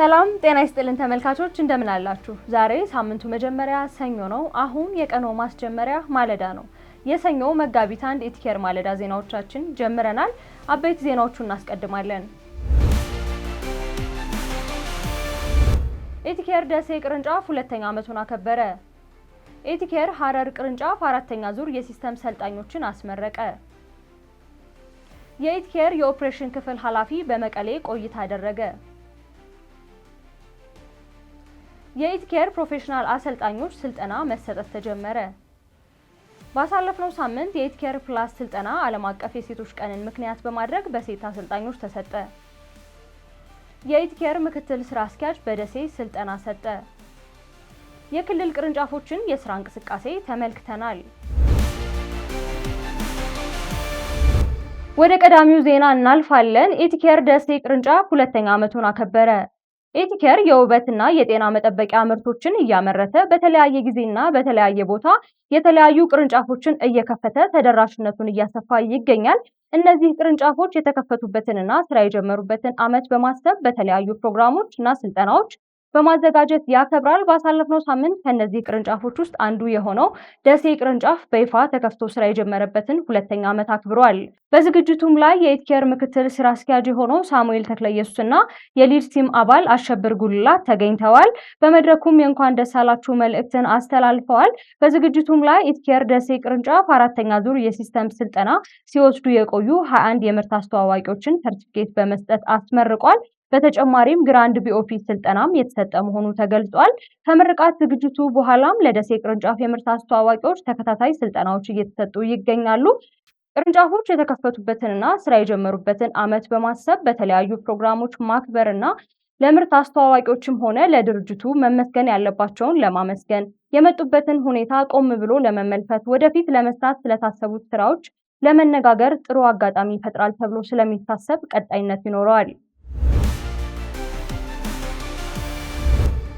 ሰላም ጤና ይስጥልን ተመልካቾች እንደምን አላችሁ? ዛሬ ሳምንቱ መጀመሪያ ሰኞ ነው። አሁን የቀኖ ማስጀመሪያ ማለዳ ነው። የሰኞ መጋቢት አንድ ኢቲኬር ማለዳ ዜናዎቻችን ጀምረናል። አበይት ዜናዎቹን እናስቀድማለን። ኢቲኬር ደሴ ቅርንጫፍ ሁለተኛ ዓመቱን አከበረ። ኢቲኬር ሀረር ቅርንጫፍ አራተኛ ዙር የሲስተም ሰልጣኞችን አስመረቀ። የኢቲኬር የኦፕሬሽን ክፍል ኃላፊ በመቀሌ ቆይታ አደረገ። የኢትኬር ፕሮፌሽናል አሰልጣኞች ስልጠና መሰጠት ተጀመረ። ባሳለፍነው ሳምንት ኬር ፕላስ ስልጠና ዓለም አቀፍ የሴቶች ቀንን ምክንያት በማድረግ በሴት አሰልጣኞች ተሰጠ። የኢትኬር ምክትል ስራ አስኪያጅ በደሴ ስልጠና ሰጠ። የክልል ቅርንጫፎችን የስራ እንቅስቃሴ ተመልክተናል። ወደ ቀዳሚው ዜና እናልፋለን። ኢትኬር ደሴ ቅርንጫፍ ሁለተኛ ዓመቱን አከበረ። ኤቲኬር የውበትና የጤና መጠበቂያ ምርቶችን እያመረተ በተለያየ ጊዜና በተለያየ ቦታ የተለያዩ ቅርንጫፎችን እየከፈተ ተደራሽነቱን እያሰፋ ይገኛል። እነዚህ ቅርንጫፎች የተከፈቱበትንና ስራ የጀመሩበትን ዓመት በማሰብ በተለያዩ ፕሮግራሞች እና ስልጠናዎች በማዘጋጀት ያከብራል። ባሳለፍነው ሳምንት ከእነዚህ ቅርንጫፎች ውስጥ አንዱ የሆነው ደሴ ቅርንጫፍ በይፋ ተከፍቶ ስራ የጀመረበትን ሁለተኛ ዓመት አክብሯል። በዝግጅቱም ላይ የኢትኬር ምክትል ስራ አስኪያጅ የሆነው ሳሙኤል ተክለየሱስ እና የሊድ ቲም አባል አሸብር ጉልላት ተገኝተዋል። በመድረኩም የእንኳን ደስ አላችሁ መልእክትን አስተላልፈዋል። በዝግጅቱም ላይ ኢትኬር ደሴ ቅርንጫፍ አራተኛ ዙር የሲስተም ስልጠና ሲወስዱ የቆዩ 21 የምርት አስተዋዋቂዎችን ሰርቲፊኬት በመስጠት አስመርቋል። በተጨማሪም ግራንድ ቢኦፊስ ስልጠናም የተሰጠ መሆኑ ተገልጿል። ከምርቃት ዝግጅቱ በኋላም ለደሴ ቅርንጫፍ የምርት አስተዋዋቂዎች ተከታታይ ስልጠናዎች እየተሰጡ ይገኛሉ። ቅርንጫፎች የተከፈቱበትንና ስራ የጀመሩበትን ዓመት በማሰብ በተለያዩ ፕሮግራሞች ማክበርና ለምርት አስተዋዋቂዎችም ሆነ ለድርጅቱ መመስገን ያለባቸውን ለማመስገን የመጡበትን ሁኔታ ቆም ብሎ ለመመልከት ወደፊት ለመስራት ስለታሰቡት ስራዎች ለመነጋገር ጥሩ አጋጣሚ ይፈጥራል ተብሎ ስለሚታሰብ ቀጣይነት ይኖረዋል።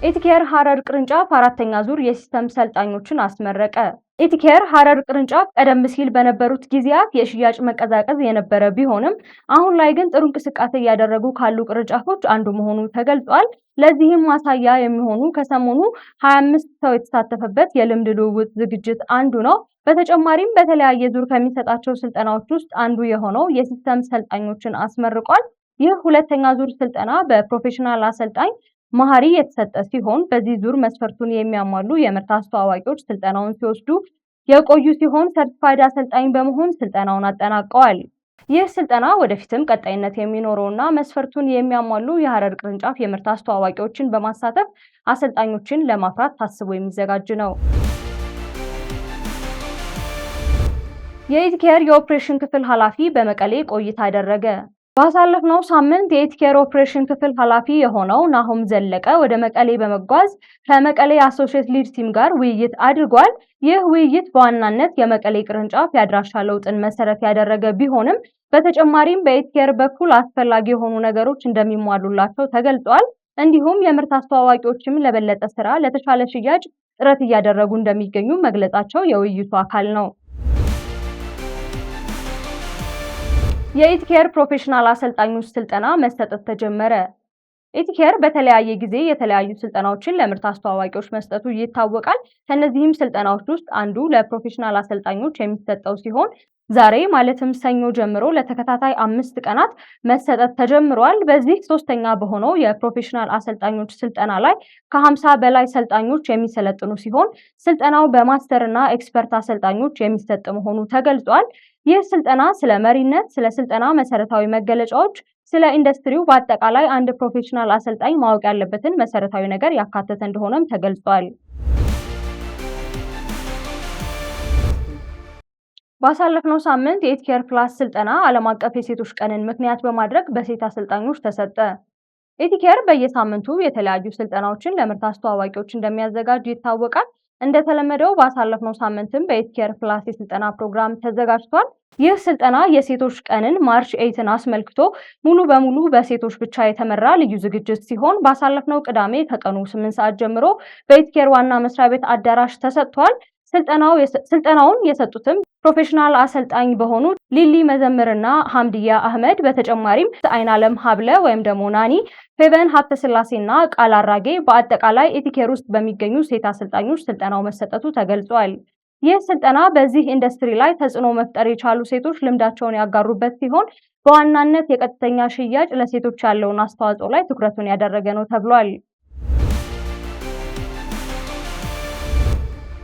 ኢቲኬር ሀረር ቅርንጫፍ አራተኛ ዙር የሲስተም ሰልጣኞችን አስመረቀ። ኢቲኬር ሀረር ቅርንጫፍ ቀደም ሲል በነበሩት ጊዜያት የሽያጭ መቀዛቀዝ የነበረ ቢሆንም አሁን ላይ ግን ጥሩ እንቅስቃሴ እያደረጉ ካሉ ቅርንጫፎች አንዱ መሆኑ ተገልጿል። ለዚህም ማሳያ የሚሆኑ ከሰሞኑ 25 ሰው የተሳተፈበት የልምድ ልውውጥ ዝግጅት አንዱ ነው። በተጨማሪም በተለያየ ዙር ከሚሰጣቸው ስልጠናዎች ውስጥ አንዱ የሆነው የሲስተም ሰልጣኞችን አስመርቋል። ይህ ሁለተኛ ዙር ስልጠና በፕሮፌሽናል አሰልጣኝ መሀሪ የተሰጠ ሲሆን በዚህ ዙር መስፈርቱን የሚያሟሉ የምርት አስተዋዋቂዎች ስልጠናውን ሲወስዱ የቆዩ ሲሆን ሰርቲፋይድ አሰልጣኝ በመሆን ስልጠናውን አጠናቀዋል። ይህ ስልጠና ወደፊትም ቀጣይነት የሚኖረውና መስፈርቱን የሚያሟሉ የሀረር ቅርንጫፍ የምርት አስተዋዋቂዎችን በማሳተፍ አሰልጣኞችን ለማፍራት ታስቦ የሚዘጋጅ ነው። የኢትኬር የኦፕሬሽን ክፍል ኃላፊ በመቀሌ ቆይታ አደረገ። ባሳለፍነው ሳምንት የኢትኬር ኦፕሬሽን ክፍል ኃላፊ የሆነው ናሆም ዘለቀ ወደ መቀሌ በመጓዝ ከመቀሌ አሶሼት ሊድ ቲም ጋር ውይይት አድርጓል። ይህ ውይይት በዋናነት የመቀሌ ቅርንጫፍ የአድራሻ ለውጥን መሰረት ያደረገ ቢሆንም በተጨማሪም በኢትኬር በኩል አስፈላጊ የሆኑ ነገሮች እንደሚሟሉላቸው ተገልጿል። እንዲሁም የምርት አስተዋዋቂዎችም ለበለጠ ስራ፣ ለተሻለ ሽያጭ ጥረት እያደረጉ እንደሚገኙ መግለጻቸው የውይይቱ አካል ነው። የኢትኬር ፕሮፌሽናል አሰልጣኞች ስልጠና መሰጠት ተጀመረ። ኢትኬር በተለያየ ጊዜ የተለያዩ ስልጠናዎችን ለምርት አስተዋዋቂዎች መስጠቱ ይታወቃል። ከእነዚህም ስልጠናዎች ውስጥ አንዱ ለፕሮፌሽናል አሰልጣኞች የሚሰጠው ሲሆን ዛሬ ማለትም ሰኞ ጀምሮ ለተከታታይ አምስት ቀናት መሰጠት ተጀምሯል። በዚህ ሶስተኛ በሆነው የፕሮፌሽናል አሰልጣኞች ስልጠና ላይ ከሀምሳ በላይ ሰልጣኞች የሚሰለጥኑ ሲሆን ስልጠናው በማስተር እና ኤክስፐርት አሰልጣኞች የሚሰጥ መሆኑ ተገልጿል። ይህ ስልጠና ስለ መሪነት፣ ስለ ስልጠና መሰረታዊ መገለጫዎች፣ ስለ ኢንዱስትሪው በአጠቃላይ አንድ ፕሮፌሽናል አሰልጣኝ ማወቅ ያለበትን መሰረታዊ ነገር ያካተተ እንደሆነም ተገልጿል። ባሳለፍነው ሳምንት የኢትኬር ፕላስ ስልጠና ዓለም አቀፍ የሴቶች ቀንን ምክንያት በማድረግ በሴት አሰልጣኞች ተሰጠ። ኢትኬር በየሳምንቱ የተለያዩ ስልጠናዎችን ለምርት አስተዋዋቂዎች እንደሚያዘጋጅ ይታወቃል። እንደተለመደው ባሳለፍነው ሳምንትም በኤትኬር ፕላስ የስልጠና ፕሮግራም ተዘጋጅቷል። ይህ ስልጠና የሴቶች ቀንን ማርች ኤይትን አስመልክቶ ሙሉ በሙሉ በሴቶች ብቻ የተመራ ልዩ ዝግጅት ሲሆን ባሳለፍነው ቅዳሜ ከቀኑ ስምንት ሰዓት ጀምሮ በኤትኬር ዋና መስሪያ ቤት አዳራሽ ተሰጥቷል። ስልጠናውን የሰጡትም ፕሮፌሽናል አሰልጣኝ በሆኑ ሊሊ መዘምርና ሀምድያ አህመድ በተጨማሪም አይናለም ሀብለ ወይም ደግሞ ናኒ፣ ፌቨን ሀብተ ስላሴና ቃል አራጌ በአጠቃላይ ኢቲኬር ውስጥ በሚገኙ ሴት አሰልጣኞች ስልጠናው መሰጠቱ ተገልጿል። ይህ ስልጠና በዚህ ኢንዱስትሪ ላይ ተጽዕኖ መፍጠር የቻሉ ሴቶች ልምዳቸውን ያጋሩበት ሲሆን በዋናነት የቀጥተኛ ሽያጭ ለሴቶች ያለውን አስተዋጽኦ ላይ ትኩረቱን ያደረገ ነው ተብሏል።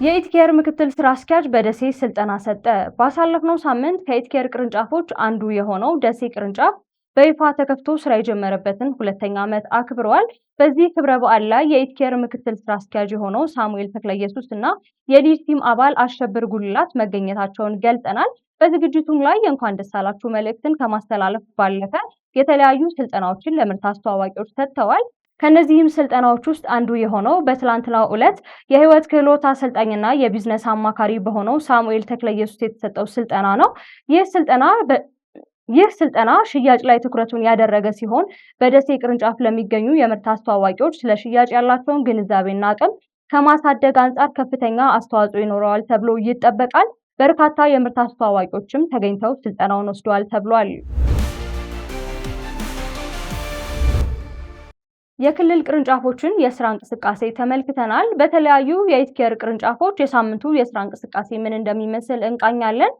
የኢትኬር ምክትል ስራ አስኪያጅ በደሴ ስልጠና ሰጠ። ባሳለፍነው ሳምንት ከኢትኬር ቅርንጫፎች አንዱ የሆነው ደሴ ቅርንጫፍ በይፋ ተከፍቶ ስራ የጀመረበትን ሁለተኛ ዓመት አክብረዋል። በዚህ ክብረ በዓል ላይ የኢትኬር ምክትል ስራ አስኪያጅ የሆነው ሳሙኤል ተክለ ኢየሱስ እና የሊድ ቲም አባል አሸብር ጉልላት መገኘታቸውን ገልጠናል። በዝግጅቱም ላይ የእንኳን ደስ አላችሁ መልእክትን ከማስተላለፍ ባለፈ የተለያዩ ስልጠናዎችን ለምርት አስተዋዋቂዎች ሰጥተዋል። ከነዚህም ስልጠናዎች ውስጥ አንዱ የሆነው በትላንትናው ዕለት የህይወት ክህሎት አሰልጣኝና የቢዝነስ አማካሪ በሆነው ሳሙኤል ተክለየሱስ የተሰጠው ስልጠና ነው። ይህ ስልጠና ይህ ስልጠና ሽያጭ ላይ ትኩረቱን ያደረገ ሲሆን በደሴ ቅርንጫፍ ለሚገኙ የምርት አስተዋዋቂዎች ስለ ሽያጭ ያላቸውን ግንዛቤና አቅም ከማሳደግ አንጻር ከፍተኛ አስተዋጽኦ ይኖረዋል ተብሎ ይጠበቃል። በርካታ የምርት አስተዋዋቂዎችም ተገኝተው ስልጠናውን ወስደዋል ተብሏል። የክልል ቅርንጫፎችን የስራ እንቅስቃሴ ተመልክተናል። በተለያዩ የኢትኬር ቅርንጫፎች የሳምንቱ የስራ እንቅስቃሴ ምን እንደሚመስል እንቃኛለን።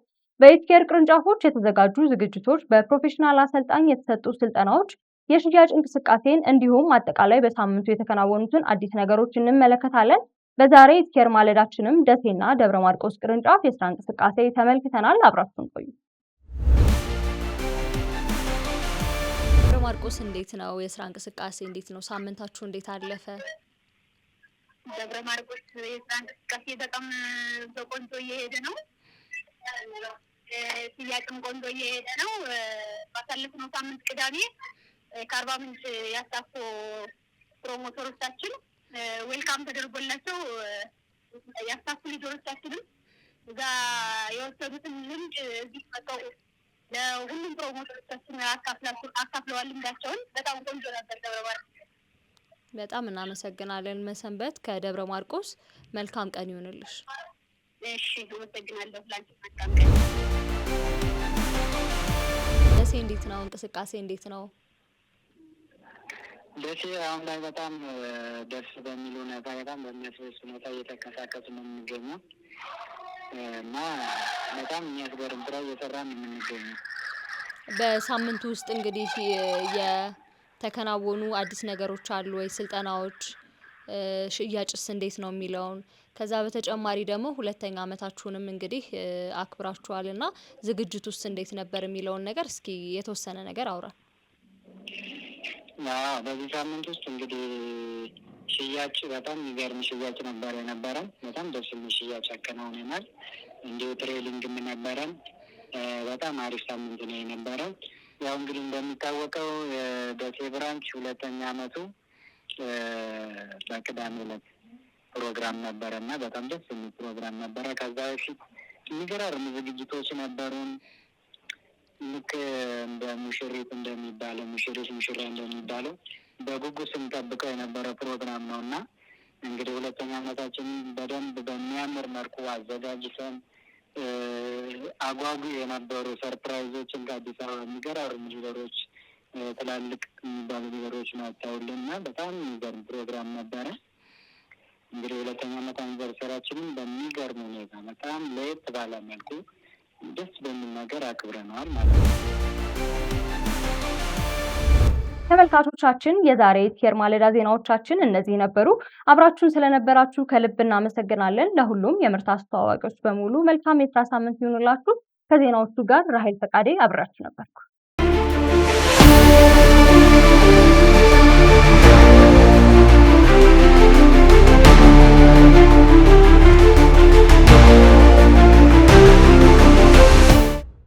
በኢትኬር ቅርንጫፎች የተዘጋጁ ዝግጅቶች፣ በፕሮፌሽናል አሰልጣኝ የተሰጡ ስልጠናዎች፣ የሽያጭ እንቅስቃሴን እንዲሁም አጠቃላይ በሳምንቱ የተከናወኑትን አዲስ ነገሮች እንመለከታለን። በዛሬ ኢትኬር ማለዳችንም ደሴና ደብረ ማርቆስ ቅርንጫፍ የስራ እንቅስቃሴ ተመልክተናል። አብራችሁን ቆዩ። ማርቆስ እንዴት ነው የስራ እንቅስቃሴ እንዴት ነው? ሳምንታችሁ እንዴት አለፈ? ደብረ ማርቆስ የስራ እንቅስቃሴ በጣም በቆንጆ እየሄደ ነው። ጥያቄም ቆንጆ እየሄደ ነው። ባሳለፍነው ሳምንት ቅዳሜ ከአርባ ምንጭ ያሳፎ ፕሮሞተሮቻችን ዌልካም ተደርጎላቸው ያሳፉ ልጆቻችንም እዛ የወሰዱትን ልምድ እዚህ መጠው ለሁሉም ፕሮሞቶቻችን አካፍለዋል ልምዳቸውን። በጣም ቆንጆ ነበር ደብረ ማርቆስ። በጣም እናመሰግናለን መሰንበት ከደብረ ማርቆስ። መልካም ቀን ይሆንልሽ። እሺ አመሰግናለሁ። ላንቺ መልካም ቀን። ደሴ እንዴት ነው እንቅስቃሴ እንዴት ነው? ደሴ አሁን ላይ በጣም ደስ በሚል ሁኔታ በጣም በሚያስበስ ሁኔታ እየተንቀሳቀሱ ነው የሚገኘው እና በጣም የሚያስገርም ስራ እየሰራን የምንገኘው። በሳምንቱ ውስጥ እንግዲህ የተከናወኑ አዲስ ነገሮች አሉ ወይ? ስልጠናዎች፣ ሽያጭስ እንዴት ነው የሚለውን ከዛ በተጨማሪ ደግሞ ሁለተኛ አመታችሁንም እንግዲህ አክብራችኋልና ዝግጅት ውስጥ እንዴት ነበር የሚለውን ነገር እስኪ የተወሰነ ነገር አውራል። በዚህ ሳምንት ውስጥ እንግዲህ ሽያጭ በጣም የሚገርም ሽያጭ ነበር የነበረን። በጣም ደስ የሚል ሽያጭ አከናውነናል። እንዲሁ ትሬሊንግም ነበረን። በጣም አሪፍ ሳምንት ነው የነበረው። ያው እንግዲህ እንደሚታወቀው የደሴ ብራንች ሁለተኛ አመቱ በቅዳሜ ዕለት ፕሮግራም ነበረ እና በጣም ደስ የሚል ፕሮግራም ነበረ። ከዛ በፊት የሚገራርሙ ዝግጅቶች ነበሩን። ልክ እንደ ሙሽሪት እንደሚባለው ሙሽሪት ሙሽራ እንደሚባለው በጉጉት ስንጠብቀው የነበረ ፕሮግራም ነው እና እንግዲህ ሁለተኛ ዓመታችን በደንብ በሚያምር መልኩ አዘጋጅተን አጓጉ የነበሩ ሰርፕራይዞችን ከአዲስ አበባ የሚገራሩ ሊደሮች ትላልቅ የሚባሉ ሊደሮች መጥተውልን በጣም የሚገርም ፕሮግራም ነበረ። እንግዲህ ሁለተኛ አመት አኒቨርሰሪያችንን በሚገርም ሁኔታ በጣም ለየት ባለ መልኩ ደስ በሚል ነገር አክብረነዋል ማለት ነው። ተመልካቾቻችን የዛሬ የኢቲር ማለዳ ዜናዎቻችን እነዚህ ነበሩ። አብራችሁን ስለነበራችሁ ከልብ እናመሰግናለን። ለሁሉም የምርት አስተዋዋቂዎች በሙሉ መልካም የስራ ሳምንት ይሁንላችሁ። ከዜናዎቹ ጋር ራሄል ፈቃዴ አብራችሁ ነበርኩ።